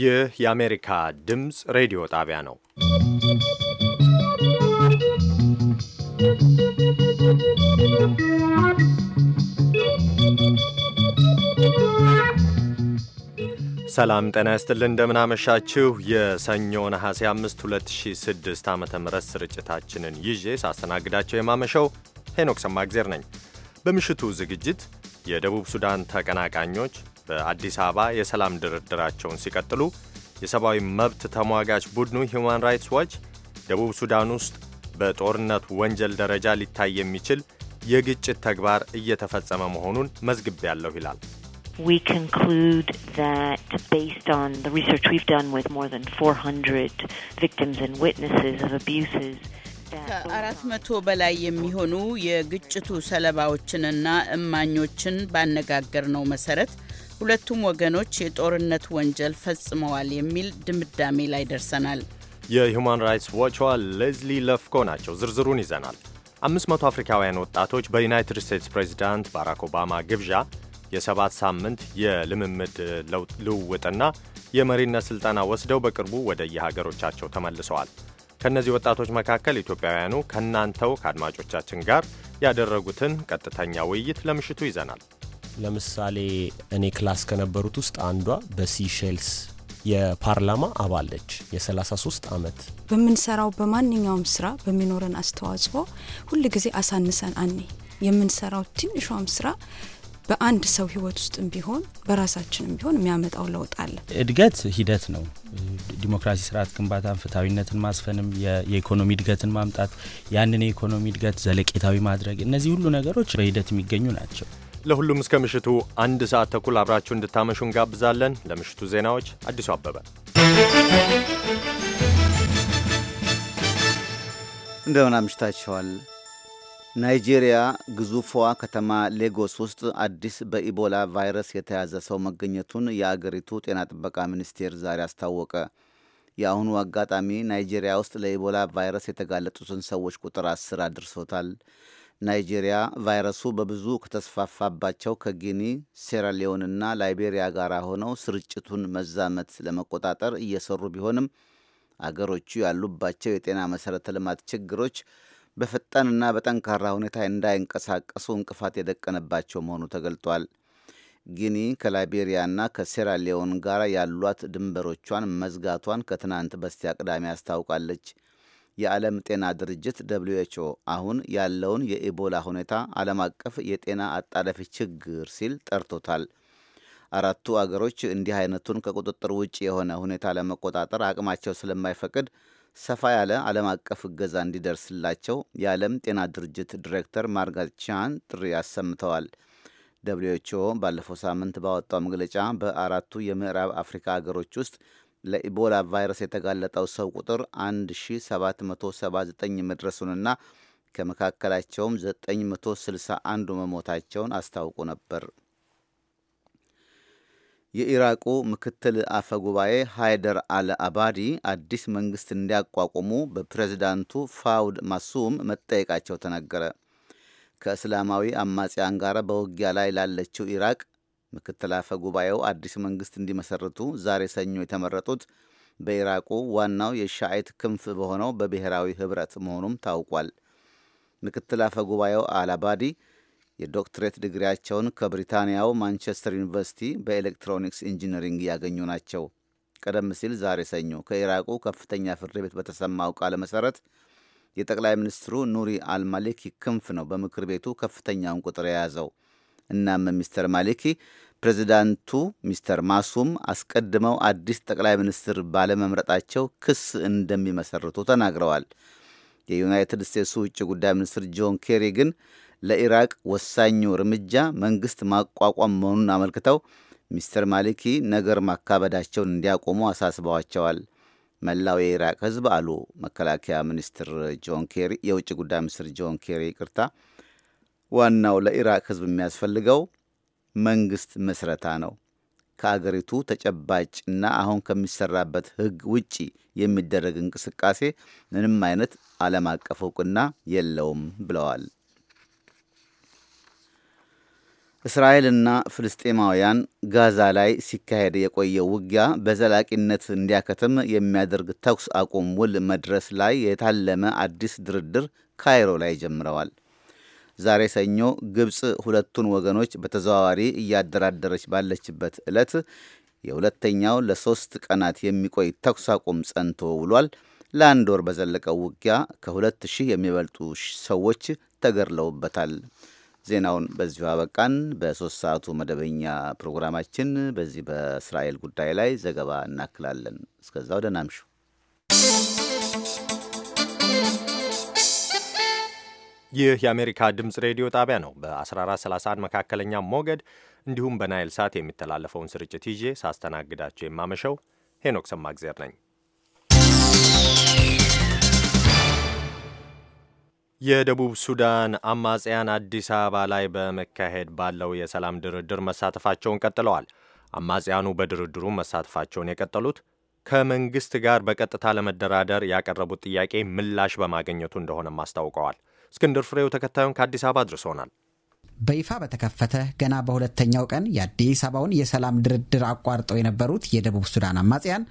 ይህ የአሜሪካ ድምፅ ሬዲዮ ጣቢያ ነው። ሰላም ጤና ይስጥልን። እንደምናመሻችሁ የሰኞ ነሐሴ 5 2006 ዓ ም ስርጭታችንን ይዤ ሳስተናግዳቸው የማመሸው ሄኖክ ሰማእግዜር ነኝ። በምሽቱ ዝግጅት የደቡብ ሱዳን ተቀናቃኞች በአዲስ አበባ የሰላም ድርድራቸውን ሲቀጥሉ የሰብአዊ መብት ተሟጋች ቡድኑ ሂውማን ራይትስ ዋች ደቡብ ሱዳን ውስጥ በጦርነት ወንጀል ደረጃ ሊታይ የሚችል የግጭት ተግባር እየተፈጸመ መሆኑን ያለሁ ይላል። we conclude that based on the research we've done with more than 400 victims and witnesses of abuses ከአራት መቶ በላይ የሚሆኑ የግጭቱ ሰለባዎችንና እማኞችን ባነጋገር ነው መሰረት ሁለቱም ወገኖች የጦርነት ወንጀል ፈጽመዋል የሚል ድምዳሜ ላይ ደርሰናል። የሁማን ራይትስ ዋቿ ሌዝሊ ለፍኮ ናቸው። ዝርዝሩን ይዘናል። 500 አፍሪካውያን ወጣቶች በዩናይትድ ስቴትስ ፕሬዚዳንት ባራክ ኦባማ ግብዣ የሰባት ሳምንት የልምምድ ልውውጥና የመሪነት ሥልጠና ወስደው በቅርቡ ወደ የሀገሮቻቸው ተመልሰዋል። ከእነዚህ ወጣቶች መካከል ኢትዮጵያውያኑ ከእናንተው ከአድማጮቻችን ጋር ያደረጉትን ቀጥተኛ ውይይት ለምሽቱ ይዘናል። ለምሳሌ እኔ ክላስ ከነበሩት ውስጥ አንዷ በሲሼልስ የፓርላማ አባለች የ33 ዓመት። በምንሰራው በማንኛውም ስራ በሚኖረን አስተዋጽኦ ጊዜ አሳንሰን አኔ የምንሰራው ትንሿም ስራ በአንድ ሰው ህይወት ውስጥም ቢሆን በራሳችንም ቢሆን የሚያመጣው ለውጥ አለ። እድገት ሂደት ነው። ዲሞክራሲ ስርዓት ግንባታን፣ ፍትሐዊነትን ማስፈንም፣ የኢኮኖሚ እድገትን ማምጣት፣ ያንን የኢኮኖሚ እድገት ዘለቄታዊ ማድረግ፣ እነዚህ ሁሉ ነገሮች በሂደት የሚገኙ ናቸው። ለሁሉም እስከ ምሽቱ አንድ ሰዓት ተኩል አብራችሁ እንድታመሹ እንጋብዛለን። ለምሽቱ ዜናዎች አዲሱ አበበ እንደምን አምሽታችኋል። ናይጄሪያ ግዙፏ ከተማ ሌጎስ ውስጥ አዲስ በኢቦላ ቫይረስ የተያዘ ሰው መገኘቱን የአገሪቱ ጤና ጥበቃ ሚኒስቴር ዛሬ አስታወቀ። የአሁኑ አጋጣሚ ናይጄሪያ ውስጥ ለኢቦላ ቫይረስ የተጋለጡትን ሰዎች ቁጥር አስር አድርሶታል። ናይጄሪያ ቫይረሱ በብዙ ከተስፋፋባቸው ከጊኒ፣ ሴራሊዮንና ላይቤሪያ ጋር ሆነው ስርጭቱን መዛመት ለመቆጣጠር እየሰሩ ቢሆንም አገሮቹ ያሉባቸው የጤና መሠረተ ልማት ችግሮች በፈጣንና በጠንካራ ሁኔታ እንዳይንቀሳቀሱ እንቅፋት የደቀነባቸው መሆኑ ተገልጧል። ጊኒ ከላይቤሪያና ከሴራሊዮን ጋር ያሏት ድንበሮቿን መዝጋቷን ከትናንት በስቲያ ቅዳሜ አስታውቃለች። የዓለም ጤና ድርጅት ደብልዩ ኤች ኦ አሁን ያለውን የኢቦላ ሁኔታ ዓለም አቀፍ የጤና አጣዳፊ ችግር ሲል ጠርቶታል። አራቱ አገሮች እንዲህ አይነቱን ከቁጥጥር ውጭ የሆነ ሁኔታ ለመቆጣጠር አቅማቸው ስለማይፈቅድ ሰፋ ያለ ዓለም አቀፍ እገዛ እንዲደርስላቸው የዓለም ጤና ድርጅት ዲሬክተር ማርጋት ቻን ጥሪ አሰምተዋል። ደብሊውኤችኦ ባለፈው ሳምንት ባወጣው መግለጫ በአራቱ የምዕራብ አፍሪካ አገሮች ውስጥ ለኢቦላ ቫይረስ የተጋለጠው ሰው ቁጥር 1779 መድረሱንና ከመካከላቸውም 961 መሞታቸውን አስታውቆ ነበር። የኢራቁ ምክትል አፈ ጉባኤ ሃይደር አል አባዲ አዲስ መንግስት እንዲያቋቁሙ በፕሬዝዳንቱ ፋውድ ማሱም መጠየቃቸው ተነገረ። ከእስላማዊ አማጽያን ጋር በውጊያ ላይ ላለችው ኢራቅ ምክትል አፈ ጉባኤው አዲስ መንግስት እንዲመሰርቱ ዛሬ ሰኞ የተመረጡት በኢራቁ ዋናው የሻይት ክንፍ በሆነው በብሔራዊ ህብረት መሆኑም ታውቋል። ምክትል አፈ ጉባኤው አልአባዲ የዶክትሬት ድግሪያቸውን ከብሪታንያው ማንቸስተር ዩኒቨርሲቲ በኤሌክትሮኒክስ ኢንጂነሪንግ ያገኙ ናቸው። ቀደም ሲል ዛሬ ሰኞ ከኢራቁ ከፍተኛ ፍርድ ቤት በተሰማው ቃለ መሰረት የጠቅላይ ሚኒስትሩ ኑሪ አልማሊኪ ክንፍ ነው በምክር ቤቱ ከፍተኛውን ቁጥር የያዘው። እናም ሚስተር ማሊኪ ፕሬዚዳንቱ ሚስተር ማሱም አስቀድመው አዲስ ጠቅላይ ሚኒስትር ባለመምረጣቸው ክስ እንደሚመሰርቱ ተናግረዋል። የዩናይትድ ስቴትሱ ውጭ ጉዳይ ሚኒስትር ጆን ኬሪ ግን ለኢራቅ ወሳኙ እርምጃ መንግስት ማቋቋም መሆኑን አመልክተው ሚስተር ማሊኪ ነገር ማካበዳቸውን እንዲያቆሙ አሳስበዋቸዋል። መላው የኢራቅ ህዝብ አሉ መከላከያ ሚኒስትር ጆን ኬሪ፣ የውጭ ጉዳይ ሚኒስትር ጆን ኬሪ ይቅርታ፣ ዋናው ለኢራቅ ህዝብ የሚያስፈልገው መንግስት መስረታ ነው። ከአገሪቱ ተጨባጭና አሁን ከሚሰራበት ህግ ውጪ የሚደረግ እንቅስቃሴ ምንም አይነት ዓለም አቀፍ እውቅና የለውም ብለዋል። እስራኤልና ፍልስጤማውያን ጋዛ ላይ ሲካሄድ የቆየው ውጊያ በዘላቂነት እንዲያከትም የሚያደርግ ተኩስ አቁም ውል መድረስ ላይ የታለመ አዲስ ድርድር ካይሮ ላይ ጀምረዋል። ዛሬ ሰኞ ግብፅ ሁለቱን ወገኖች በተዘዋዋሪ እያደራደረች ባለችበት ዕለት የሁለተኛው ለሶስት ቀናት የሚቆይ ተኩስ አቁም ጸንቶ ውሏል። ለአንድ ወር በዘለቀው ውጊያ ከሁለት ሺህ የሚበልጡ ሰዎች ተገድለውበታል። ዜናውን በዚሁ አበቃን። በሶስት ሰዓቱ መደበኛ ፕሮግራማችን በዚህ በእስራኤል ጉዳይ ላይ ዘገባ እናክላለን። እስከዛው ደህና እምሹ። ይህ የአሜሪካ ድምፅ ሬዲዮ ጣቢያ ነው። በ1431 መካከለኛ ሞገድ እንዲሁም በናይል ሳት የሚተላለፈውን ስርጭት ይዤ ሳስተናግዳቸው የማመሸው ሄኖክ ሰማግዜር ነኝ። የደቡብ ሱዳን አማጽያን አዲስ አበባ ላይ በመካሄድ ባለው የሰላም ድርድር መሳተፋቸውን ቀጥለዋል። አማጽያኑ በድርድሩ መሳተፋቸውን የቀጠሉት ከመንግስት ጋር በቀጥታ ለመደራደር ያቀረቡት ጥያቄ ምላሽ በማግኘቱ እንደሆነም አስታውቀዋል። እስክንድር ፍሬው ተከታዩን ከአዲስ አበባ አድርሶናል። በይፋ በተከፈተ ገና በሁለተኛው ቀን የአዲስ አበባውን የሰላም ድርድር አቋርጠው የነበሩት የደቡብ ሱዳን አማጽያን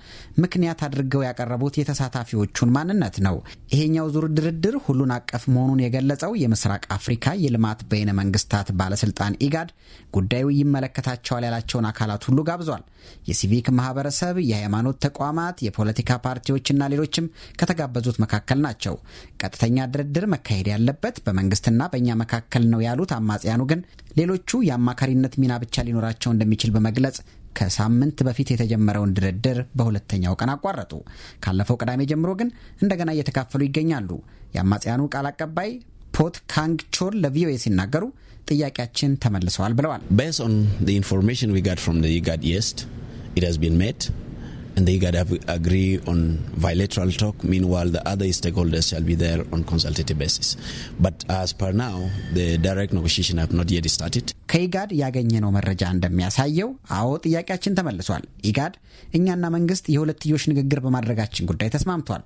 ምክንያት አድርገው ያቀረቡት የተሳታፊዎቹን ማንነት ነው። ይሄኛው ዙር ድርድር ሁሉን አቀፍ መሆኑን የገለጸው የምስራቅ አፍሪካ የልማት በይነ መንግስታት ባለስልጣን ኢጋድ ጉዳዩ ይመለከታቸዋል ያላቸውን አካላት ሁሉ ጋብዟል። የሲቪክ ማህበረሰብ፣ የሃይማኖት ተቋማት፣ የፖለቲካ ፓርቲዎችና ሌሎችም ከተጋበዙት መካከል ናቸው። ቀጥተኛ ድርድር መካሄድ ያለበት በመንግስትና በእኛ መካከል ነው ያሉት አማጽያ ኢትዮጵያውያኑ ግን ሌሎቹ የአማካሪነት ሚና ብቻ ሊኖራቸው እንደሚችል በመግለጽ ከሳምንት በፊት የተጀመረውን ድርድር በሁለተኛው ቀን አቋረጡ። ካለፈው ቅዳሜ ጀምሮ ግን እንደገና እየተካፈሉ ይገኛሉ። የአማጽያኑ ቃል አቀባይ ፖት ካንግ ቾር ለቪኦኤ ሲናገሩ ጥያቄያችን ተመልሰዋል ብለዋል። and they got to agree on bilateral talk. Meanwhile, the other stakeholders shall be there on consultative basis. But as per now, the direct negotiation have not yet started. ከኢጋድ ያገኘነው መረጃ እንደሚያሳየው አዎ፣ ጥያቄያችን ተመልሷል። ኢጋድ እኛና መንግስት የሁለትዮሽ ንግግር በማድረጋችን ጉዳይ ተስማምቷል።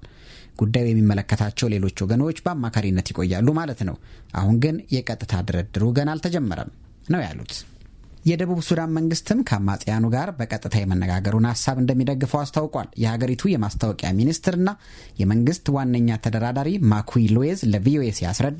ጉዳዩ የሚመለከታቸው ሌሎች ወገኖች በአማካሪነት ይቆያሉ ማለት ነው። አሁን ግን የቀጥታ ድርድሩ ገና አልተጀመረም ነው ያሉት። የደቡብ ሱዳን መንግስትም ከአማጽያኑ ጋር በቀጥታ የመነጋገሩን ሀሳብ እንደሚደግፈው አስታውቋል። የሀገሪቱ የማስታወቂያ ሚኒስትርና የመንግስት ዋነኛ ተደራዳሪ ማኩይ ሉዌዝ ለቪኦኤ ሲያስረዱ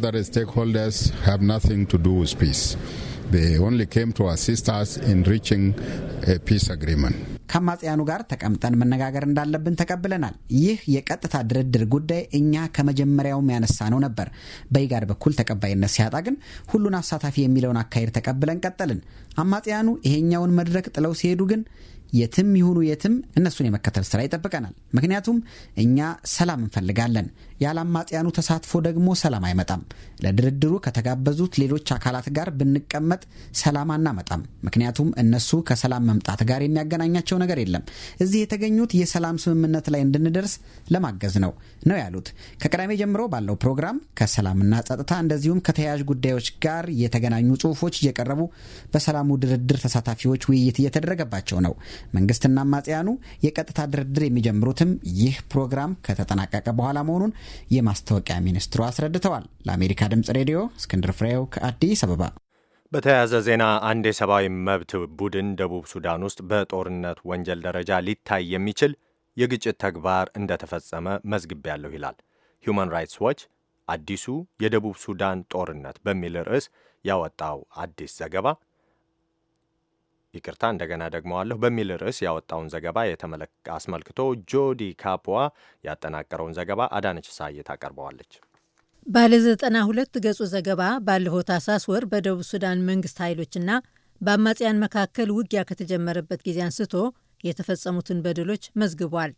other stakeholders have nothing to do with peace. They only came to assist us in reaching a peace agreement. ከአማጽያኑ ጋር ተቀምጠን መነጋገር እንዳለብን ተቀብለናል። ይህ የቀጥታ ድርድር ጉዳይ እኛ ከመጀመሪያውም ያነሳ ነው ነበር። በኢጋድ በኩል ተቀባይነት ሲያጣ ግን ሁሉን አሳታፊ የሚለውን አካሄድ ተቀብለን ቀጠልን። አማጽያኑ ይሄኛውን መድረክ ጥለው ሲሄዱ ግን የትም ይሁኑ የትም እነሱን የመከተል ስራ ይጠብቀናል። ምክንያቱም እኛ ሰላም እንፈልጋለን። ያለአማጽያኑ ተሳትፎ ደግሞ ሰላም አይመጣም። ለድርድሩ ከተጋበዙት ሌሎች አካላት ጋር ብንቀመጥ ሰላም አናመጣም። ምክንያቱም እነሱ ከሰላም መምጣት ጋር የሚያገናኛቸው ነገር የለም። እዚህ የተገኙት የሰላም ስምምነት ላይ እንድንደርስ ለማገዝ ነው ነው ያሉት። ከቅዳሜ ጀምሮ ባለው ፕሮግራም ከሰላምና ጸጥታ እንደዚሁም ከተያያዥ ጉዳዮች ጋር የተገናኙ ጽሁፎች እየቀረቡ በሰላሙ ድርድር ተሳታፊዎች ውይይት እየተደረገባቸው ነው። መንግስትና አማጽያኑ የቀጥታ ድርድር የሚጀምሩትም ይህ ፕሮግራም ከተጠናቀቀ በኋላ መሆኑን የማስታወቂያ ሚኒስትሩ አስረድተዋል። ለአሜሪካ ድምጽ ሬዲዮ እስክንድር ፍሬው ከአዲስ አበባ። በተያያዘ ዜና አንድ የሰብአዊ መብት ቡድን ደቡብ ሱዳን ውስጥ በጦርነት ወንጀል ደረጃ ሊታይ የሚችል የግጭት ተግባር እንደተፈጸመ መዝግቤያለሁ ይላል። ሁማን ራይትስ ዎች አዲሱ የደቡብ ሱዳን ጦርነት በሚል ርዕስ ያወጣው አዲስ ዘገባ ይቅርታ እንደገና ደግመዋለሁ በሚል ርዕስ ያወጣውን ዘገባ አስመልክቶ ጆዲ ካፖዋ ያጠናቀረውን ዘገባ አዳነች ሳየት አቀርበዋለች። ባለ ዘጠና ሁለት ገጹ ዘገባ ባለፈው ታህሳስ ወር በደቡብ ሱዳን መንግስት ኃይሎችና በአማጽያን መካከል ውጊያ ከተጀመረበት ጊዜ አንስቶ የተፈጸሙትን በደሎች መዝግቧል።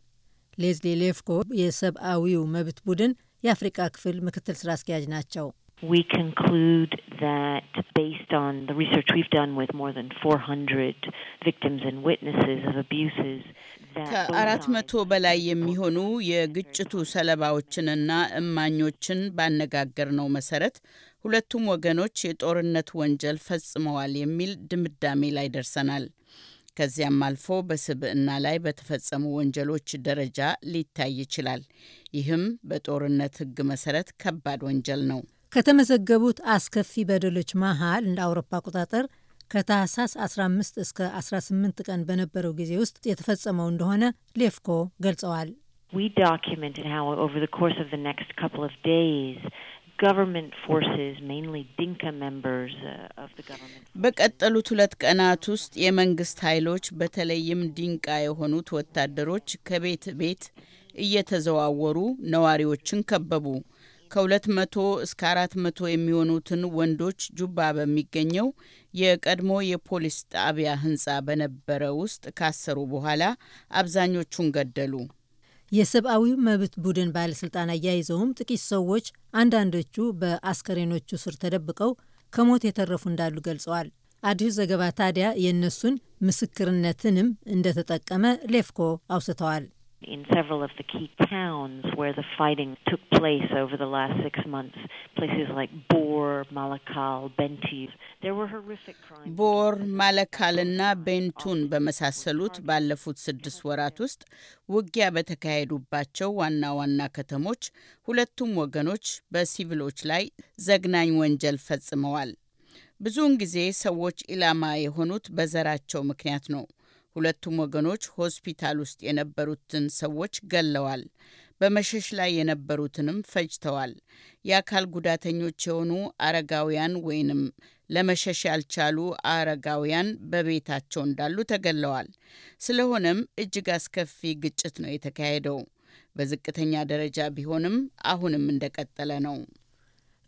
ሌዝሊ ሌፍኮ የሰብአዊው መብት ቡድን የአፍሪቃ ክፍል ምክትል ስራ አስኪያጅ ናቸው። we conclude that based on the research we've done with more than 400 victims and witnesses of abuses ከአራት መቶ በላይ የሚሆኑ የግጭቱ ሰለባዎችንና እማኞችን ባነጋገር ነው መሰረት ሁለቱም ወገኖች የጦርነት ወንጀል ፈጽመዋል የሚል ድምዳሜ ላይ ደርሰናል። ከዚያም አልፎ በስብዕና ላይ በተፈጸሙ ወንጀሎች ደረጃ ሊታይ ይችላል። ይህም በጦርነት ሕግ መሰረት ከባድ ወንጀል ነው። ከተመዘገቡት አስከፊ በደሎች መሃል እንደ አውሮፓ አቆጣጠር ከታህሳስ 15 እስከ 18 ቀን በነበረው ጊዜ ውስጥ የተፈጸመው እንደሆነ ሌፍኮ ገልጸዋል። uh, በቀጠሉት ሁለት ቀናት ውስጥ የመንግስት ኃይሎች በተለይም ዲንቃ የሆኑት ወታደሮች ከቤት ቤት እየተዘዋወሩ ነዋሪዎችን ከበቡ። ከ200 እስከ 400 የሚሆኑትን ወንዶች ጁባ በሚገኘው የቀድሞ የፖሊስ ጣቢያ ህንፃ በነበረ ውስጥ ካሰሩ በኋላ አብዛኞቹን ገደሉ። የሰብአዊ መብት ቡድን ባለሥልጣን አያይዘውም ጥቂት ሰዎች፣ አንዳንዶቹ በአስከሬኖቹ ስር ተደብቀው ከሞት የተረፉ እንዳሉ ገልጸዋል። አዲሱ ዘገባ ታዲያ የእነሱን ምስክርነትንም እንደተጠቀመ ሌፍኮ አውስተዋል። in several of the key towns where the fighting took place over the last six months. Places like Bor, Malakal, Bentiv, There were horrific crimes. Bor, ቦር ማለካልና ቤንቱን በመሳሰሉት ባለፉት ስድስት ወራት ውስጥ ውጊያ በተካሄዱባቸው ዋና ዋና ከተሞች ሁለቱም ወገኖች በሲቪሎች ላይ ዘግናኝ ወንጀል ፈጽመዋል። ብዙውን ጊዜ ሰዎች ኢላማ የሆኑት በዘራቸው ምክንያት ነው። ሁለቱም ወገኖች ሆስፒታል ውስጥ የነበሩትን ሰዎች ገለዋል። በመሸሽ ላይ የነበሩትንም ፈጅተዋል። የአካል ጉዳተኞች የሆኑ አረጋውያን ወይንም ለመሸሽ ያልቻሉ አረጋውያን በቤታቸው እንዳሉ ተገለዋል። ስለሆነም እጅግ አስከፊ ግጭት ነው የተካሄደው። በዝቅተኛ ደረጃ ቢሆንም አሁንም እንደቀጠለ ነው።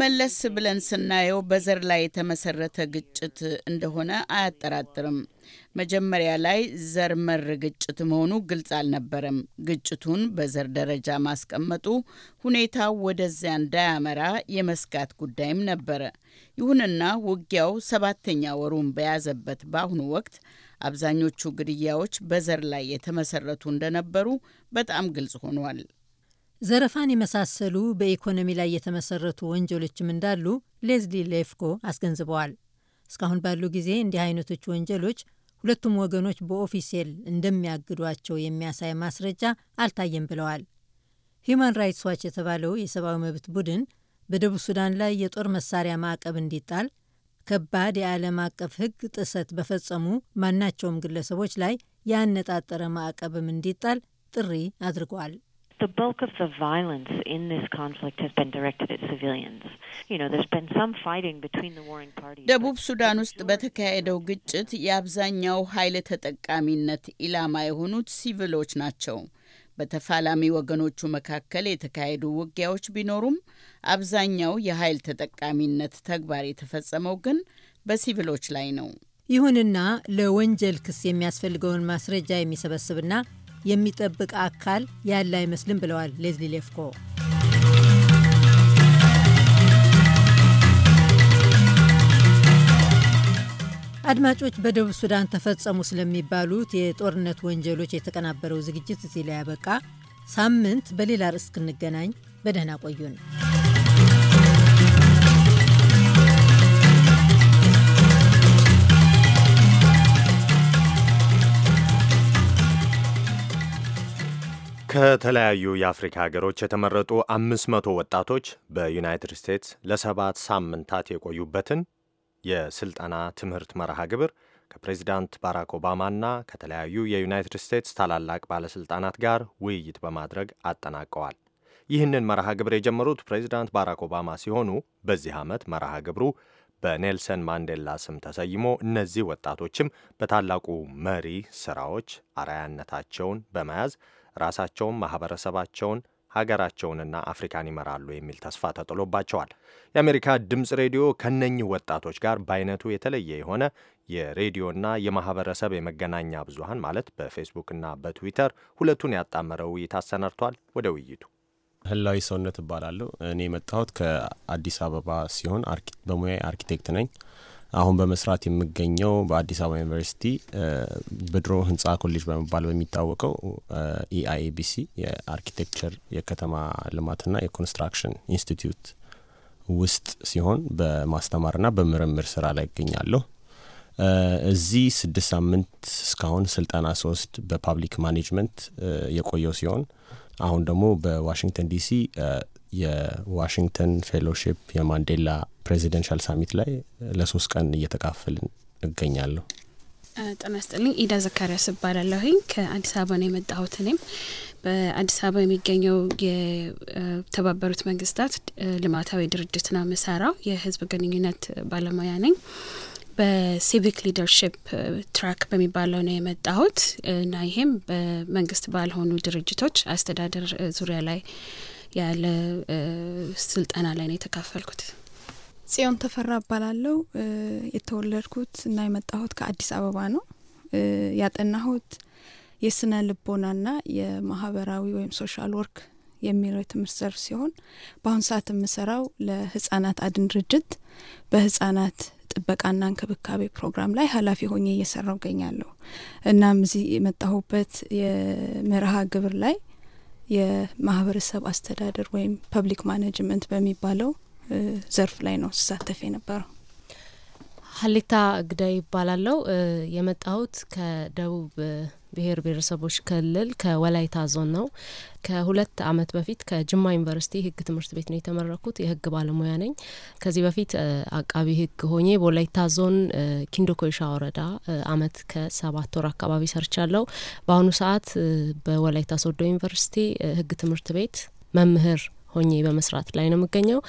መለስ ብለን ስናየው በዘር ላይ የተመሰረተ ግጭት እንደሆነ አያጠራጥርም። መጀመሪያ ላይ ዘር መር ግጭት መሆኑ ግልጽ አልነበረም። ግጭቱን በዘር ደረጃ ማስቀመጡ ሁኔታው ወደዚያ እንዳያመራ የመስጋት ጉዳይም ነበረ። ይሁንና ውጊያው ሰባተኛ ወሩን በያዘበት በአሁኑ ወቅት አብዛኞቹ ግድያዎች በዘር ላይ የተመሰረቱ እንደነበሩ በጣም ግልጽ ሆኗል። ዘረፋን የመሳሰሉ በኢኮኖሚ ላይ የተመሰረቱ ወንጀሎችም እንዳሉ ሌዝሊ ሌፍኮ አስገንዝበዋል። እስካሁን ባሉ ጊዜ እንዲህ አይነቶች ወንጀሎች ሁለቱም ወገኖች በኦፊሴል እንደሚያግዷቸው የሚያሳይ ማስረጃ አልታየም ብለዋል። ሂዩማን ራይትስ ዋች የተባለው የሰብአዊ መብት ቡድን በደቡብ ሱዳን ላይ የጦር መሳሪያ ማዕቀብ እንዲጣል፣ ከባድ የዓለም አቀፍ ሕግ ጥሰት በፈጸሙ ማናቸውም ግለሰቦች ላይ ያነጣጠረ ማዕቀብም እንዲጣል ጥሪ አድርጓል። the bulk of the violence in this conflict has been directed at civilians. You know, there's been some fighting between the warring parties. ደቡብ ሱዳን ውስጥ በተካሄደው ግጭት የአብዛኛው ኃይል ተጠቃሚነት ኢላማ የሆኑት ሲቪሎች ናቸው። በተፋላሚ ወገኖቹ መካከል የተካሄዱ ውጊያዎች ቢኖሩም አብዛኛው የኃይል ተጠቃሚነት ተግባር የተፈጸመው ግን በሲቪሎች ላይ ነው። ይሁንና ለወንጀል ክስ የሚያስፈልገውን ማስረጃ የሚሰበስብና የሚጠብቅ አካል ያለ አይመስልም ብለዋል ሌዝሊ ሌፍኮ። አድማጮች፣ በደቡብ ሱዳን ተፈጸሙ ስለሚባሉት የጦርነት ወንጀሎች የተቀናበረው ዝግጅት እዚህ ላይ ያበቃ። ሳምንት በሌላ ርዕስ እስክንገናኝ በደህና ቆዩን። ከተለያዩ የአፍሪካ ሀገሮች የተመረጡ አምስት መቶ ወጣቶች በዩናይትድ ስቴትስ ለሰባት ሳምንታት የቆዩበትን የስልጠና ትምህርት መርሃ ግብር ከፕሬዚዳንት ባራክ ኦባማና ከተለያዩ የዩናይትድ ስቴትስ ታላላቅ ባለስልጣናት ጋር ውይይት በማድረግ አጠናቀዋል። ይህንን መርሃ ግብር የጀመሩት ፕሬዚዳንት ባራክ ኦባማ ሲሆኑ በዚህ ዓመት መርሃ ግብሩ በኔልሰን ማንዴላ ስም ተሰይሞ እነዚህ ወጣቶችም በታላቁ መሪ ስራዎች አርአያነታቸውን በመያዝ ራሳቸውን፣ ማህበረሰባቸውን ሀገራቸውንና አፍሪካን ይመራሉ የሚል ተስፋ ተጥሎባቸዋል። የአሜሪካ ድምፅ ሬዲዮ ከነኚህ ወጣቶች ጋር በአይነቱ የተለየ የሆነ የሬዲዮና የማህበረሰብ የመገናኛ ብዙሃን ማለት በፌስቡክና በትዊተር ሁለቱን ያጣመረ ውይይት አሰናድቷል። ወደ ውይይቱ ህላዊ ሰውነት እባላለሁ። እኔ የመጣሁት ከአዲስ አበባ ሲሆን በሙያ አርኪቴክት ነኝ። አሁን በመስራት የምገኘው በአዲስ አበባ ዩኒቨርሲቲ በድሮ ህንፃ ኮሌጅ በመባል በሚታወቀው ኢአይኤቢሲ የአርኪቴክቸር የከተማ ልማትና የኮንስትራክሽን ኢንስቲትዩት ውስጥ ሲሆን በማስተማርና በምርምር ስራ ላይ ይገኛለሁ። እዚህ ስድስት ሳምንት እስካሁን ስልጠና ሶስት በፓብሊክ ማኔጅመንት የቆየው ሲሆን አሁን ደግሞ በዋሽንግተን ዲሲ የዋሽንግተን ፌሎሺፕ የማንዴላ ፕሬዚደንሻል ሳሚት ላይ ለሶስት ቀን እየተካፈልን እገኛለሁ። ጤና ኢዳ ዘካሪያስ እባላለሁኝ ከአዲስ አበባ ነው የመጣሁት። እኔም በአዲስ አበባ የሚገኘው የተባበሩት መንግስታት ልማታዊ ድርጅት ነው መሰራው የህዝብ ግንኙነት ባለሙያ ነኝ። በሲቪክ ሊደርሽፕ ትራክ በሚባለው ነው የመጣሁት እና ይሄም በመንግስት ባልሆኑ ድርጅቶች አስተዳደር ዙሪያ ላይ ያለ ስልጠና ላይ ነው የተካፈልኩት። ጽዮን ተፈራ እባላለሁ። የተወለድኩት እና የመጣሁት ከአዲስ አበባ ነው። ያጠናሁት የስነ ልቦናና የማህበራዊ ወይም ሶሻል ወርክ የሚለው የትምህርት ዘርፍ ሲሆን በአሁን ሰዓት የምሰራው ለህጻናት አድን ድርጅት በህጻናት ጥበቃና እንክብካቤ ፕሮግራም ላይ ኃላፊ ሆኜ እየሰራው እገኛለሁ። እናም እዚህ የመጣሁበት የመርሃ ግብር ላይ የማህበረሰብ አስተዳደር ወይም ፐብሊክ ማኔጅመንት በሚባለው ዘርፍ ላይ ነው ስሳተፍ የነበረው። ሀሌታ ግዳይ ይባላለው። የመጣሁት ከደቡብ ብሔር ብሔረሰቦች ክልል ከወላይታ ዞን ነው። ከሁለት አመት በፊት ከጅማ ዩኒቨርሲቲ ህግ ትምህርት ቤት ነው የተመረኩት። የህግ ባለሙያ ነኝ። ከዚህ በፊት አቃቢ ህግ ሆኜ በወላይታ ዞን ኪንዶ ኮይሻ ወረዳ አመት ከሰባት ወር አካባቢ ሰርቻለሁ። በአሁኑ ሰዓት በወላይታ ሶዶ ዩኒቨርሲቲ ህግ ትምህርት ቤት መምህር ሆኜ በመስራት ላይ ነው የምገኘው።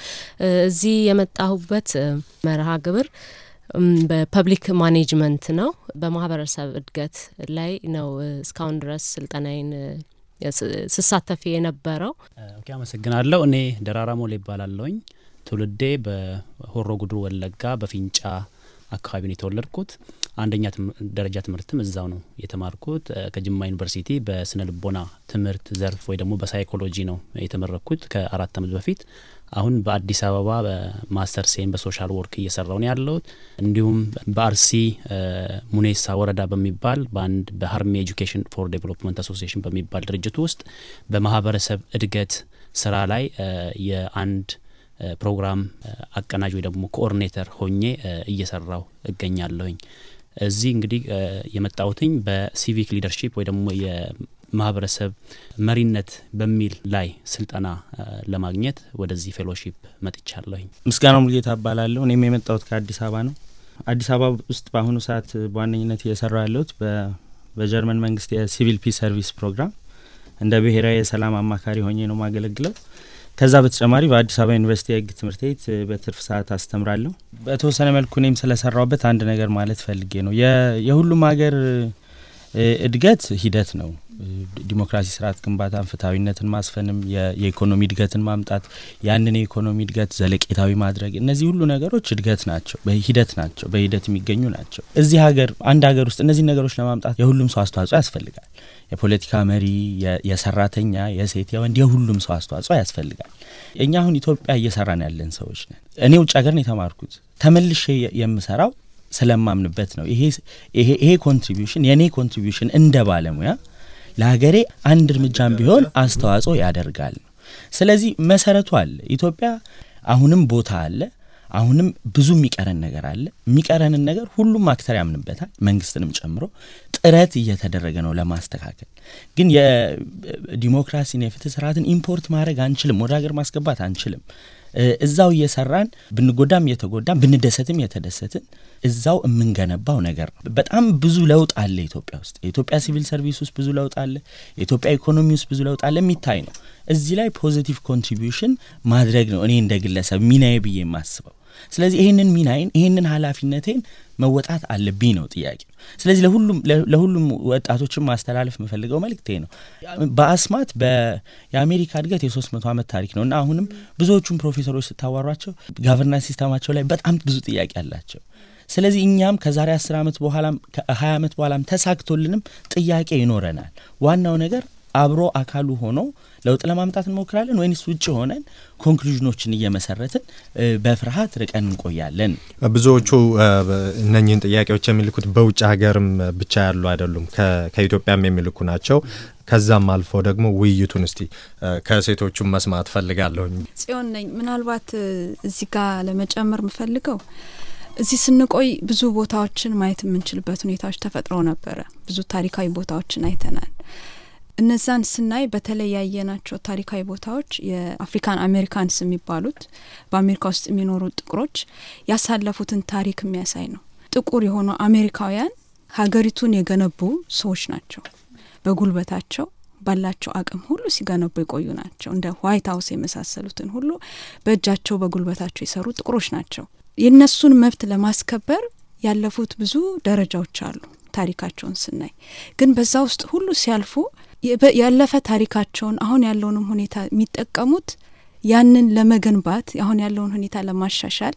እዚህ የመጣሁበት መርሃ ግብር በፐብሊክ ማኔጅመንት ነው። በማህበረሰብ እድገት ላይ ነው እስካሁን ድረስ ስልጠናዬን ስሳተፊ የነበረው። ኦኬ፣ አመሰግናለሁ። እኔ ደራራ ሞላ ይባላለሁኝ። ትውልዴ በሆሮ ጉድሩ ወለጋ በፊንጫ አካባቢ ነው የተወለድኩት። አንደኛ ደረጃ ትምህርትም እዛው ነው የተማርኩት። ከጅማ ዩኒቨርሲቲ በስነ ልቦና ትምህርት ዘርፍ ወይ ደግሞ በሳይኮሎጂ ነው የተመረኩት ከአራት አመት በፊት አሁን በአዲስ አበባ በማስተር ሴን በሶሻል ወርክ እየሰራው ነው ያለሁት። እንዲሁም በአርሲ ሙኔሳ ወረዳ በሚባል በአንድ በሀርሜ ኤጁኬሽን ፎር ዴቨሎፕመንት አሶሲሽን በሚባል ድርጅት ውስጥ በማህበረሰብ እድገት ስራ ላይ የአንድ ፕሮግራም አቀናጅ ወይ ደግሞ ኮኦርዲኔተር ሆኜ እየሰራው እገኛለሁኝ። እዚህ እንግዲህ የመጣሁትኝ በሲቪክ ሊደርሺፕ ወይ ደግሞ ማህበረሰብ መሪነት በሚል ላይ ስልጠና ለማግኘት ወደዚህ ፌሎሺፕ መጥቻለሁኝ። ምስጋና ሙልጌታ እባላለሁ። እኔም የመጣሁት ከአዲስ አበባ ነው። አዲስ አበባ ውስጥ በአሁኑ ሰዓት በዋነኝነት እየሰራ ያለሁት በጀርመን መንግስት የሲቪል ፒስ ሰርቪስ ፕሮግራም እንደ ብሔራዊ የሰላም አማካሪ ሆኜ ነው ማገለግለው። ከዛ በተጨማሪ በአዲስ አበባ ዩኒቨርሲቲ የህግ ትምህርት ቤት በትርፍ ሰዓት አስተምራለሁ። በተወሰነ መልኩ እኔም ስለሰራውበት አንድ ነገር ማለት ፈልጌ ነው የሁሉም ሀገር እድገት ሂደት ነው። ዲሞክራሲ ስርዓት ግንባታን፣ ፍትሐዊነትን ማስፈንም፣ የኢኮኖሚ እድገትን ማምጣት፣ ያንን የኢኮኖሚ እድገት ዘለቄታዊ ማድረግ፣ እነዚህ ሁሉ ነገሮች እድገት ናቸው፣ በሂደት ናቸው፣ በሂደት የሚገኙ ናቸው። እዚህ ሀገር አንድ ሀገር ውስጥ እነዚህ ነገሮች ለማምጣት የሁሉም ሰው አስተዋጽኦ ያስፈልጋል። የፖለቲካ መሪ፣ የሰራተኛ፣ የሴት፣ የወንድ፣ የሁሉም ሰው አስተዋጽኦ ያስፈልጋል። እኛ አሁን ኢትዮጵያ እየሰራን ያለን ሰዎች ነን። እኔ ውጭ ሀገር ነው የተማርኩት። ተመልሼ የምሰራው ስለማምንበት ነው። ይሄ ኮንትሪቢሽን የእኔ ኮንትሪቢሽን እንደ ባለሙያ ለሀገሬ አንድ እርምጃም ቢሆን አስተዋጽኦ ያደርጋል ነው። ስለዚህ መሰረቱ አለ። ኢትዮጵያ አሁንም ቦታ አለ። አሁንም ብዙ የሚቀረን ነገር አለ። የሚቀረንን ነገር ሁሉም አክተር ያምንበታል፣ መንግስትንም ጨምሮ ጥረት እየተደረገ ነው ለማስተካከል። ግን የዲሞክራሲን የፍትህ ስርዓትን ኢምፖርት ማድረግ አንችልም፣ ወደ ሀገር ማስገባት አንችልም። እዛው እየሰራን ብንጎዳም የተጎዳም ብንደሰትም የተደሰትን እዛው የምንገነባው ነገር ነው። በጣም ብዙ ለውጥ አለ ኢትዮጵያ ውስጥ። የኢትዮጵያ ሲቪል ሰርቪስ ውስጥ ብዙ ለውጥ አለ። የኢትዮጵያ ኢኮኖሚ ውስጥ ብዙ ለውጥ አለ፣ የሚታይ ነው። እዚህ ላይ ፖዚቲቭ ኮንትሪቢሽን ማድረግ ነው እኔ እንደ ግለሰብ ሚናዬ ብዬ የማስበው። ስለዚህ ይህንን ሚናይን ይህንን ኃላፊነቴን መወጣት አለብኝ ነው ጥያቄ። ስለዚህ ለሁሉም ለሁሉም ወጣቶችን ማስተላለፍ የምፈልገው መልክቴ ነው። በአስማት የአሜሪካ እድገት የሶስት መቶ ዓመት ታሪክ ነው እና አሁንም ብዙዎቹም ፕሮፌሰሮች ስታዋሯቸው ጋቨርናንስ ሲስተማቸው ላይ በጣም ብዙ ጥያቄ አላቸው። ስለዚህ እኛም ከዛሬ አስር ዓመት በኋላም ከሀያ ዓመት በኋላም ተሳክቶልንም ጥያቄ ይኖረናል። ዋናው ነገር አብሮ አካሉ ሆኖ ለውጥ ለማምጣት እንሞክራለን ወይንስ ውጭ ሆነን ኮንክሉዥኖችን እየመሰረትን በፍርሃት ርቀን እንቆያለን? ብዙዎቹ እነኚህን ጥያቄዎች የሚልኩት በውጭ ሀገርም ብቻ ያሉ አይደሉም፣ ከኢትዮጵያም የሚልኩ ናቸው። ከዛም አልፎ ደግሞ ውይይቱን እስቲ ከሴቶቹም መስማት ፈልጋለሁኝ። ጽዮን ነኝ። ምናልባት እዚህ ጋር ለመጨመር ምፈልገው እዚህ ስንቆይ ብዙ ቦታዎችን ማየት የምንችልበት ሁኔታዎች ተፈጥሮ ነበረ። ብዙ ታሪካዊ ቦታዎችን አይተናል። እነዛን ስናይ በተለይ ያየናቸው ታሪካዊ ቦታዎች የአፍሪካን አሜሪካንስ የሚባሉት በአሜሪካ ውስጥ የሚኖሩ ጥቁሮች ያሳለፉትን ታሪክ የሚያሳይ ነው። ጥቁር የሆኑ አሜሪካውያን ሀገሪቱን የገነቡ ሰዎች ናቸው። በጉልበታቸው ባላቸው አቅም ሁሉ ሲገነቡ የቆዩ ናቸው። እንደ ዋይት ሀውስ የመሳሰሉትን ሁሉ በእጃቸው በጉልበታቸው የሰሩ ጥቁሮች ናቸው። የእነሱን መብት ለማስከበር ያለፉት ብዙ ደረጃዎች አሉ። ታሪካቸውን ስናይ ግን በዛ ውስጥ ሁሉ ሲያልፉ ያለፈ ታሪካቸውን አሁን ያለውንም ሁኔታ የሚጠቀሙት ያንን ለመገንባት አሁን ያለውን ሁኔታ ለማሻሻል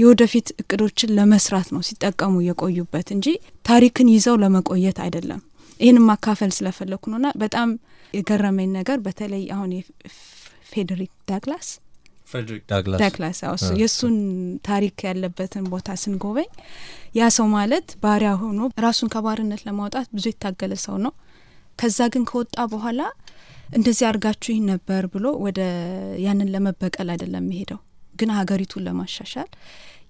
የወደፊት እቅዶችን ለመስራት ነው ሲጠቀሙ የቆዩበት እንጂ ታሪክን ይዘው ለመቆየት አይደለም። ይህን ማካፈል ስለፈለግኩ ነውና በጣም የገረመኝ ነገር በተለይ አሁን የፌዴሪክ ዳግላስ ዳግላስ ዳግላስ እሱ የእሱን ታሪክ ያለበትን ቦታ ስንጎበኝ ያ ሰው ማለት ባሪያ ሆኖ ራሱን ከባርነት ለማውጣት ብዙ የታገለ ሰው ነው። ከዛ ግን ከወጣ በኋላ እንደዚህ አድርጋችሁ ይህ ነበር ብሎ ወደ ያንን ለመበቀል አይደለም የሚሄደው፣ ግን ሀገሪቱን ለማሻሻል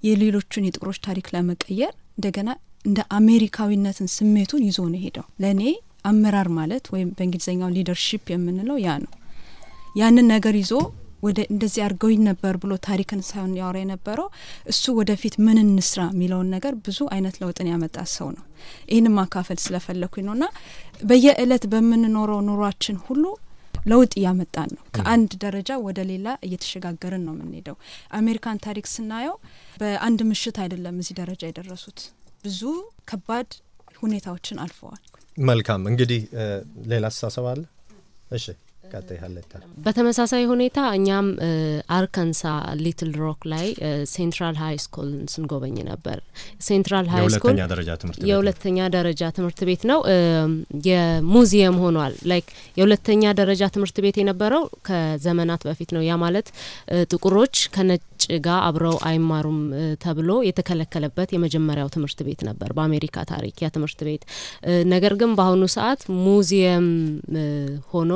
የሌሎቹን የጥቁሮች ታሪክ ለመቀየር እንደገና እንደ አሜሪካዊነትን ስሜቱን ይዞ ነው ሄደው። ለእኔ አመራር ማለት ወይም በእንግሊዝኛው ሊደርሺፕ የምንለው ያ ነው። ያንን ነገር ይዞ ወደ እንደዚህ አድርገው ነበር ብሎ ታሪክን ሳይሆን ያወራ የነበረው እሱ ወደፊት ምን እንስራ የሚለውን ነገር ብዙ አይነት ለውጥን ያመጣ ሰው ነው። ይህን ማካፈል ስለፈለኩኝ ነውና በየእለት በምንኖረው ኑሯችን ሁሉ ለውጥ እያመጣን ነው። ከአንድ ደረጃ ወደ ሌላ እየተሸጋገርን ነው የምንሄደው። አሜሪካን ታሪክ ስናየው በአንድ ምሽት አይደለም እዚህ ደረጃ የደረሱት። ብዙ ከባድ ሁኔታዎችን አልፈዋል። መልካም እንግዲህ ሌላ አስተሳሰብ አለ። እሺ በተመሳሳይ ሁኔታ እኛም አርካንሳ ሊትል ሮክ ላይ ሴንትራል ሀይ ስኩል ስንጎበኝ ነበር። ሴንትራል ሀይ ስኩል የሁለተኛ ደረጃ ትምህርት ቤት ነው። የሙዚየም ሆኗል። ላይክ የሁለተኛ ደረጃ ትምህርት ቤት የነበረው ከዘመናት በፊት ነው። ያ ማለት ጥቁሮች ከነጭ ጋር አብረው አይማሩም ተብሎ የተከለከለበት የመጀመሪያው ትምህርት ቤት ነበር በአሜሪካ ታሪክ ያ ትምህርት ቤት። ነገር ግን በአሁኑ ሰዓት ሙዚየም ሆኖ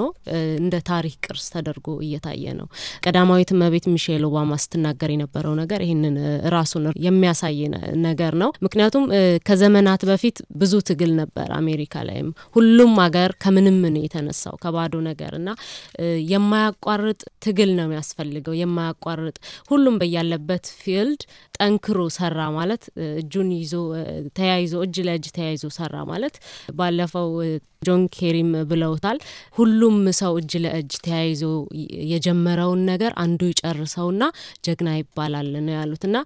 እንደ ታሪክ ቅርስ ተደርጎ እየታየ ነው። ቀዳማዊት እመቤት ሚሼል ኦባማ ስትናገር የነበረው ነገር ይህንን ራሱን የሚያሳይ ነገር ነው። ምክንያቱም ከዘመናት በፊት ብዙ ትግል ነበር አሜሪካ ላይም ሁሉም ሀገር ከምንም ነው የተነሳው ከባዶ ነገር እና የማያቋርጥ ትግል ነው የሚያስፈልገው የማያቋርጥ ሁሉም በያለበት ፊልድ ጠንክሮ ሰራ ማለት እጁን ይዞ ተያይዞ እጅ ለእጅ ተያይዞ ሰራ ማለት ባለፈው ጆን ኬሪም ብለውታል። ሁሉም ሰው እጅ ለእጅ ተያይዞ የጀመረውን ነገር አንዱ ይጨርሰውና ጀግና ይባላል ነው ያሉት እና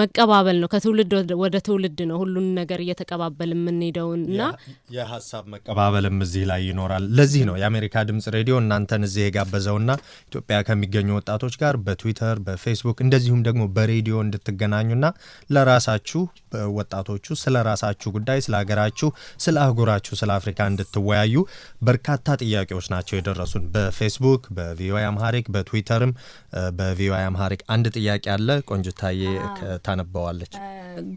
መቀባበል ነው ከትውልድ ወደ ትውልድ ነው ሁሉን ነገር እየተቀባበል የምንሄደውና የሀሳብ መቀባበልም እዚህ ላይ ይኖራል። ለዚህ ነው የአሜሪካ ድምጽ ሬዲዮ እናንተን እዚህ የጋበዘውና ኢትዮጵያ ከሚገኙ ወጣቶች ጋር በትዊተር በፌስቡክ እንደዚሁም ደግሞ በሬዲዮ እንድትጋ እንድትገናኙና ለራሳችሁ ወጣቶቹ ስለ ራሳችሁ ጉዳይ፣ ስለ ሀገራችሁ፣ ስለ አህጉራችሁ፣ ስለ አፍሪካ እንድትወያዩ በርካታ ጥያቄዎች ናቸው የደረሱን በፌስቡክ በቪኦኤ አምሃሪክ በትዊተርም በቪኦኤ አምሃሪክ አንድ ጥያቄ አለ። ቆንጅታዬ ታነበዋለች።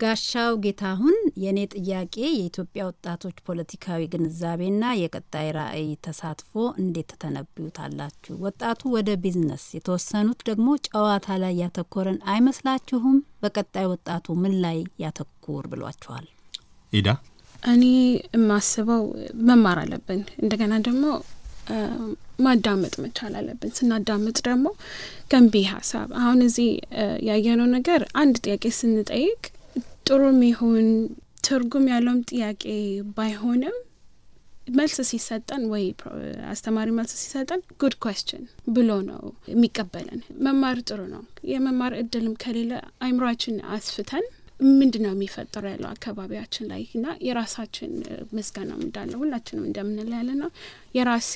ጋሻው ጌታሁን የእኔ ጥያቄ የኢትዮጵያ ወጣቶች ፖለቲካዊ ግንዛቤና የቀጣይ ራዕይ ተሳትፎ እንዴት ተተነብዩታላችሁ? ወጣቱ ወደ ቢዝነስ የተወሰኑት ደግሞ ጨዋታ ላይ ያተኮረን አይመስላችሁም? በቀጣይ ወጣቱ ምን ላይ ያተኩር ብሏቸዋል? ኢዳ እኔ የማስበው መማር አለብን። እንደገና ደግሞ ማዳመጥ መቻል አለብን። ስናዳምጥ ደግሞ ገንቢ ሀሳብ አሁን እዚህ ያየነው ነገር አንድ ጥያቄ ስንጠይቅ ጥሩም ይሁን ትርጉም ያለውም ጥያቄ ባይሆንም መልስ ሲሰጠን ወይ አስተማሪ መልስ ሲሰጠን ጉድ ኮስችን ብሎ ነው የሚቀበለን። መማር ጥሩ ነው። የመማር እድልም ከሌለ አይምሯችን አስፍተን ምንድን ነው የሚፈጠሩ ያለው አካባቢያችን ላይ እና የራሳችን መስጋናው እንዳለ ሁላችንም እንደምንል ያለ ነው። የራሴ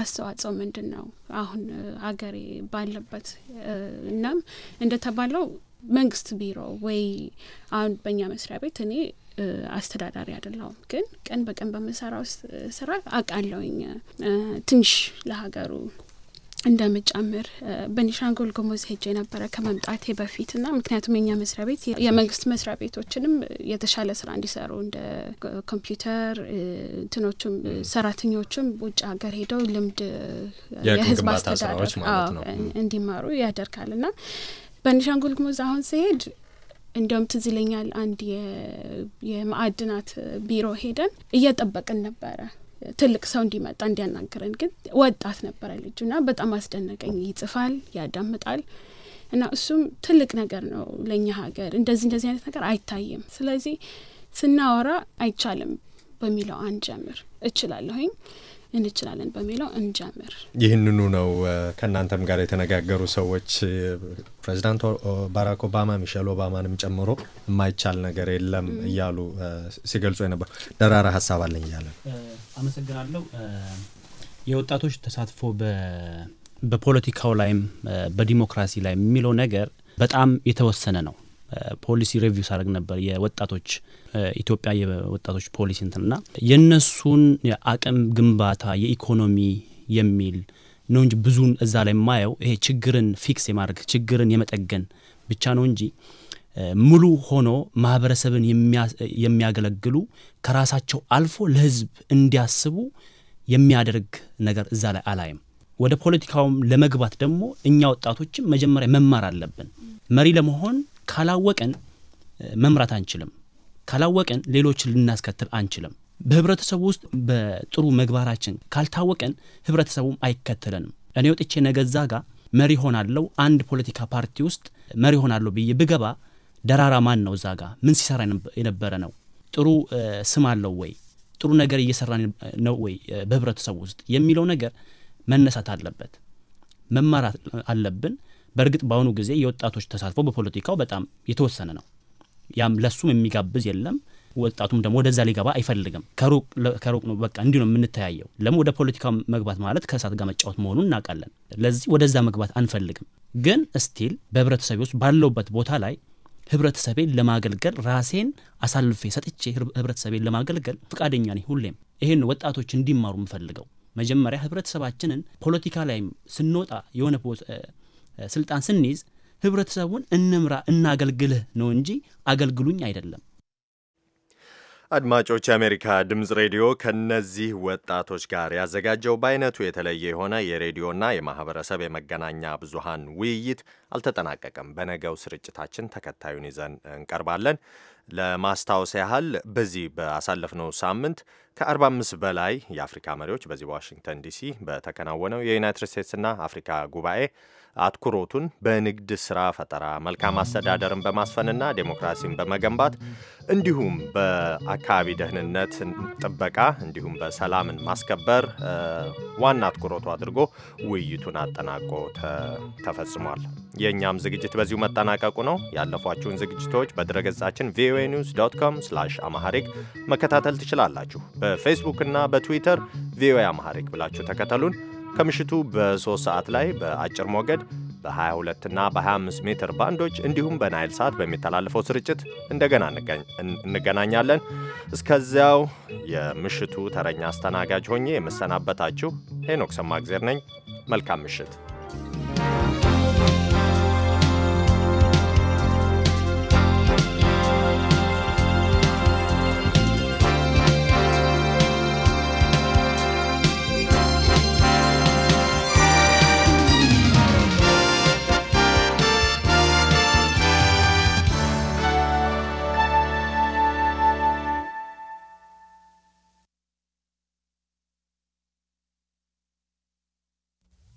አስተዋጽኦ ምንድን ነው አሁን አገሬ ባለበት እናም እንደተባለው መንግስት ቢሮ ወይ አሁን በእኛ መስሪያ ቤት እኔ አስተዳዳሪ አይደለሁም፣ ግን ቀን በቀን በምሰራው ስራ አውቃለሁኝ ትንሽ ለሀገሩ እንደምጨምር በኒሻንጉል ጉሙዝ ሄጄ ነበረ ከመምጣቴ በፊት ና ምክንያቱም የኛ መስሪያ ቤት የመንግስት መስሪያ ቤቶችንም የተሻለ ስራ እንዲሰሩ እንደ ኮምፒውተር እንትኖቹም ሰራተኞቹም ውጭ ሀገር ሄደው ልምድ የህዝብ አስተዳደር እንዲማሩ ያደርጋል ና በኒሻንጉል ጉሙዝ አሁን ሲሄድ። እንዲያውም ትዝ ይለኛል አንድ የማዕድናት ቢሮ ሄደን እየጠበቅን ነበረ ትልቅ ሰው እንዲመጣ እንዲያናግረን፣ ግን ወጣት ነበረ ና በጣም አስደነቀኝ። ይጽፋል፣ ያዳምጣል እና እሱም ትልቅ ነገር ነው ለእኛ ሀገር እንደዚህ እንደዚህ አይነት ነገር አይታይም። ስለዚህ ስናወራ አይቻልም በሚለው ጀምር እችላለሁኝ እንችላለን በሚለው እንጀምር። ይህንኑ ነው ከእናንተም ጋር የተነጋገሩ ሰዎች ፕሬዚዳንት ባራክ ኦባማ ሚሸል ኦባማንም ጨምሮ የማይቻል ነገር የለም እያሉ ሲገልጹ የነበሩ ደራራ ሀሳብ አለኝ እያለ አመሰግናለሁ። የወጣቶች ተሳትፎ በፖለቲካው ላይም በዲሞክራሲ ላይ የሚለው ነገር በጣም የተወሰነ ነው። ፖሊሲ ሪቪው ሳደርግ ነበር የወጣቶች ኢትዮጵያ የወጣቶች ፖሊሲ እንትንና የእነሱን የአቅም ግንባታ የኢኮኖሚ የሚል ነው እንጂ ብዙን እዛ ላይ የማየው ይሄ ችግርን ፊክስ የማድረግ ችግርን የመጠገን ብቻ ነው እንጂ ሙሉ ሆኖ ማህበረሰብን የሚያገለግሉ ከራሳቸው አልፎ ለህዝብ እንዲያስቡ የሚያደርግ ነገር እዛ ላይ አላይም። ወደ ፖለቲካውም ለመግባት ደግሞ እኛ ወጣቶችም መጀመሪያ መማር አለብን። መሪ ለመሆን ካላወቀን መምራት አንችልም። ካላወቀን ሌሎችን ልናስከትል አንችልም። በህብረተሰቡ ውስጥ በጥሩ መግባራችን ካልታወቀን ህብረተሰቡም አይከተለንም። እኔ ወጥቼ ነገዛ ጋ መሪ ሆናለው አንድ ፖለቲካ ፓርቲ ውስጥ መሪ ሆናለሁ ብዬ ብገባ ደራራ ማን ነው? እዛ ጋ ምን ሲሰራ የነበረ ነው? ጥሩ ስም አለው ወይ? ጥሩ ነገር እየሰራ ነው ወይ በህብረተሰቡ ውስጥ የሚለው ነገር መነሳት አለበት። መማር አለብን። በእርግጥ በአሁኑ ጊዜ የወጣቶች ተሳትፎ በፖለቲካው በጣም የተወሰነ ነው። ያም ለሱም የሚጋብዝ የለም። ወጣቱም ደግሞ ወደዛ ሊገባ አይፈልግም። ከሩቅ ነው በቃ እንዲሁ ነው የምንተያየው። ለሞ ወደ ፖለቲካው መግባት ማለት ከእሳት ጋር መጫወት መሆኑን እናውቃለን። ለዚህ ወደዛ መግባት አንፈልግም። ግን ስቲል በህብረተሰቤ ውስጥ ባለውበት ቦታ ላይ ህብረተሰቤን ለማገልገል ራሴን አሳልፌ ሰጥቼ ህብረተሰቤን ለማገልገል ፍቃደኛ ነኝ ሁሌም። ይህን ወጣቶች እንዲማሩ የምፈልገው መጀመሪያ ህብረተሰባችንን ፖለቲካ ላይም ስንወጣ የሆነ ስልጣን ስንይዝ ህብረተሰቡን እንምራ፣ እናገልግልህ ነው እንጂ አገልግሉኝ አይደለም። አድማጮች፣ የአሜሪካ ድምፅ ሬዲዮ ከነዚህ ወጣቶች ጋር ያዘጋጀው በአይነቱ የተለየ የሆነ የሬዲዮና የማህበረሰብ የመገናኛ ብዙሃን ውይይት አልተጠናቀቀም። በነገው ስርጭታችን ተከታዩን ይዘን እንቀርባለን። ለማስታወስ ያህል በዚህ በአሳለፍነው ሳምንት ከ45 በላይ የአፍሪካ መሪዎች በዚህ ዋሽንግተን ዲሲ በተከናወነው የዩናይትድ ስቴትስና አፍሪካ ጉባኤ አትኩሮቱን በንግድ ስራ ፈጠራ፣ መልካም አስተዳደርን በማስፈንና ዴሞክራሲን በመገንባት እንዲሁም በአካባቢ ደህንነት ጥበቃ እንዲሁም በሰላምን ማስከበር ዋና አትኩሮቱ አድርጎ ውይይቱን አጠናቆ ተፈጽሟል። የእኛም ዝግጅት በዚሁ መጠናቀቁ ነው። ያለፏችሁን ዝግጅቶች በድረገጻችን ቪኦኤ ቪኦኤ ኒውስ ዶት ኮም ስላሽ አማሐሪክ መከታተል ትችላላችሁ። በፌስቡክ እና በትዊተር ቪኦኤ አማሐሪክ ብላችሁ ተከተሉን። ከምሽቱ በሶስት ሰዓት ላይ በአጭር ሞገድ በ22 እና በ25 ሜትር ባንዶች እንዲሁም በናይል ሰዓት በሚተላለፈው ስርጭት እንደገና እንገናኛለን። እስከዚያው የምሽቱ ተረኛ አስተናጋጅ ሆኜ የምሰናበታችሁ ሄኖክ ሰማግዜር ነኝ። መልካም ምሽት።